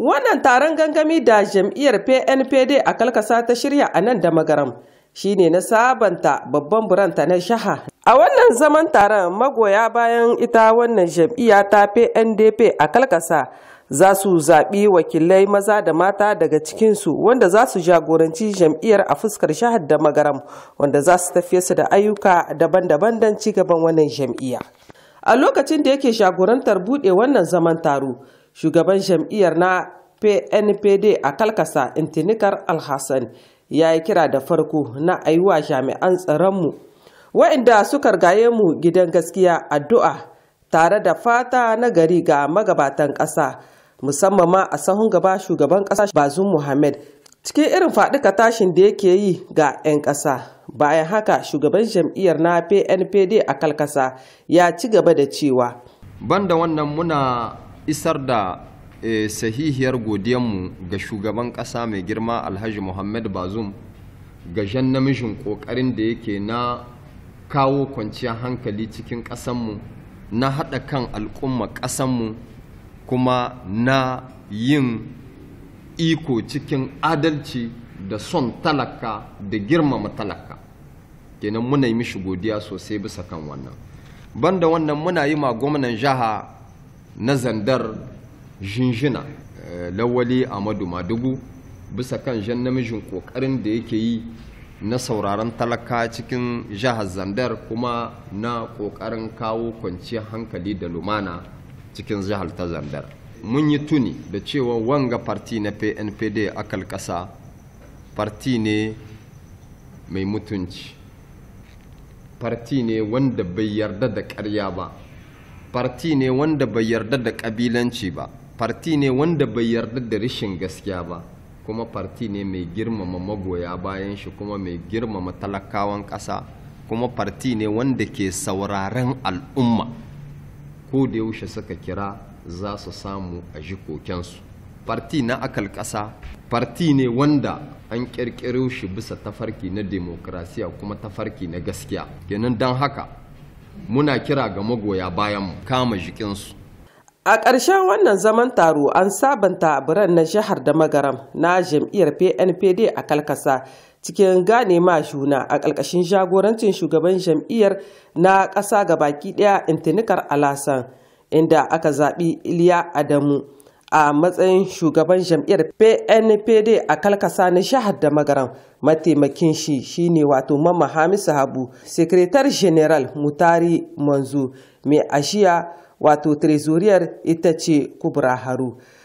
Wannan taron gangami da jam'iyyar PNPD a Kalkasa ta shirya a nan da magaram shine na sabanta babban buranta na shaha. A wannan zaman taron magoya bayan ita wannan jam'iyya ta PNDP a Kalkasa za su zaɓi wakilai maza da mata daga cikinsu wanda za su jagoranci jam'iyyar a fuskar shahar da magaram wanda za su su da ayyuka daban-daban don ci gaban wannan jam'iyya. A lokacin da yake jagorantar buɗe wannan zaman taro, shugaban jam'iyyar na pnpd a kalkasa intinikar alhassan ya yi kira da farko na a jami'an tsaronmu waɗanda suka gaye mu gidan gaskiya addu'a tare da fata na gari ga magabatan ƙasa musamman ma a sahun gaba shugaban ƙasa bazum muhammad cikin irin faɗika tashin da yake yi ga 'yan ƙasa bayan haka shugaban jam'iyyar na pnpd a kalkasa ya ci gaba da cewa banda wannan muna isar da e sahihiyar godiyanmu ga shugaban ƙasa mai girma alhaji muhammad bazum ga jan namijin ƙoƙarin da yake na kawo kwanciyar hankali cikin ƙasanmu na haɗa kan al'umma ƙasanmu kuma na yin iko cikin adalci da son talaka da girmama talaka kenan muna yi mishi godiya sosai bisa kan wannan banda wannan muna yi ma gwamnan jiha na zandar jinjina eh, lawali amadu madugu bisa kan jan namijin kokarin da yake yi na sauraron talaka cikin jihar zandar kuma na kokarin kawo kwanciyar hankali da lumana cikin jihar ta zandar mun yi tuni da cewa wanga farti na pnpd akal ƙasa farti ne mai mutunci farti ne wanda bai yarda da karya ba farti ne wanda bai yarda da ƙabilanci ba farti ne wanda bai yarda da rishin gaskiya ba kuma farti ne mai girmama magoya bayan shi kuma mai girmama talakawan ƙasa kuma farti ne wanda ke sauraren al'umma ko da yaushe suka kira za su samu a ji kokensu farti na akal ƙasa farti ne wanda an ƙirƙiro shi bisa tafarki na demokrasiya kuma tafarki na gaskiya kenan don haka muna kira ga magoya bayan kama jikinsu A ƙarshen wannan zaman taro an sabanta biran na jihar da magaram na jam'iyyar PNPD a Kalkasa cikin gane ma juna a ƙarƙashin jagorancin shugaban jam'iyyar na ƙasa ga baki ɗaya intinikar alasan inda aka zaɓi Iliya Adamu a matsayin shugaban jam'iyyar PNPD a kalkasa na shahar da magaran mataimakin shi shine wato Mamma Hamisu Habu Sekretar General Mutari Manzo mai ashiya wato trezoriyar ita ce Kubra Haru